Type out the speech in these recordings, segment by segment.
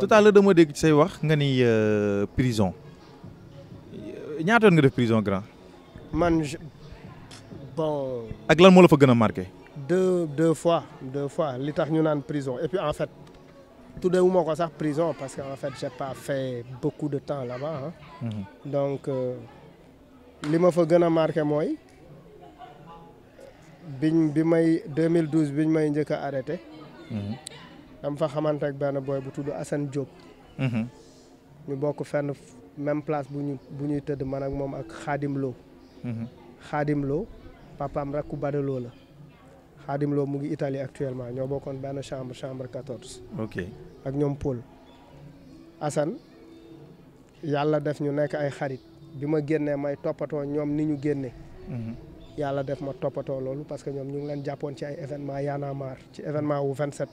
tout à l'heure dama dégg ci say wax es en euh, prison ñaata yoon nga def prison grand. man bon. ak lan moo la fa gën marqué. deux deux fois deux fois li tax ñu naan prison et puis en fait coup, ma ko sax prison parce que en fait j'ai pas fait beaucoup de temps là-bas ah. Mmh. donc euh, li ma fa gën marqué mooy biñ bi may 2012 biñ may njëkk a arrêté. Mhm. dama fa xamante ak boy bu tudd Assane Diop. Mhm. ñu bokk fenn même place bu ñu bu ñuy man ak hadim ak Khadim Lo. Mhm. Khadim Lo papam rakku Badaloo la. Khadim Lo mu ngi Italie actuellement ñoo bokkoon benn chambre chambre 14. ok ak ñoom Paul. Assane yàlla def ñu nekk ay xarit bi ma génnee may toppatoo ñoom ni ñu génne. Mhm. yàlla def ma toppatoo loolu parce que ñoom ñu ngi leen jàppoon ci ay événement yaanamaar ci événement wu 27.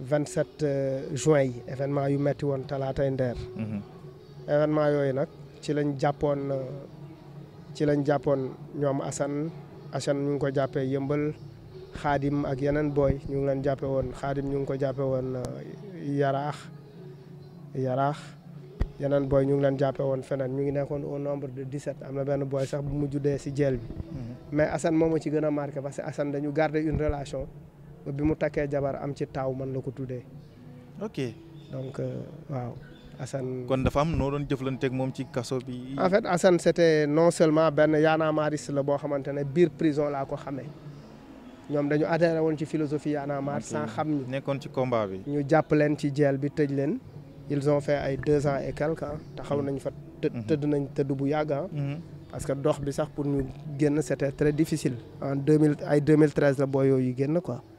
27 euh, juin yi événement yu metti woon talaatay ndeer mhm. événement yooyu nag ci lañ jàppoon euh, ci lañ jàppoon ñoom Assane Assane ñu ko jàppee yëmbal xaadim ak yeneen booy ñu ngi leen jàppe woon xaadim ñu ngi ko jàppe woon euh, yaraax yaraax yeneen booy ñu ngi leen jàppe woon feneen ñu ngi nekkoon au nombre de 17 am na benn booy sax bu mu dee si jeel bi mhm. mais Assane moom moo ci gën a marqué parce que Assane dañu garder une relation ba bi mu jabar am ci taw man lako ko ok donc euh, waaw. Assane kon dafa am no doon jëflanteeg mom ci kasso bi. en fait Assane c'était non seulement benn yaanaamaaris la boo xamante ne biir prison la ko xamé ñom dañu adhéré won ci philosophie Yana yaanaamaar sans xam ñu. nekkoon ci combat bi. ñu japp len ci jeel bi tej len ils ont fait ay 2 ans et quelques hein. ta xaw mm-hmm. nañ fa. teud nañ teud bu yàgg hein. mm-hmm. parce que dox bi sax pour ñu génn c'était très difficile. en 2000 ay 2013 la boo yoyu génn quoi.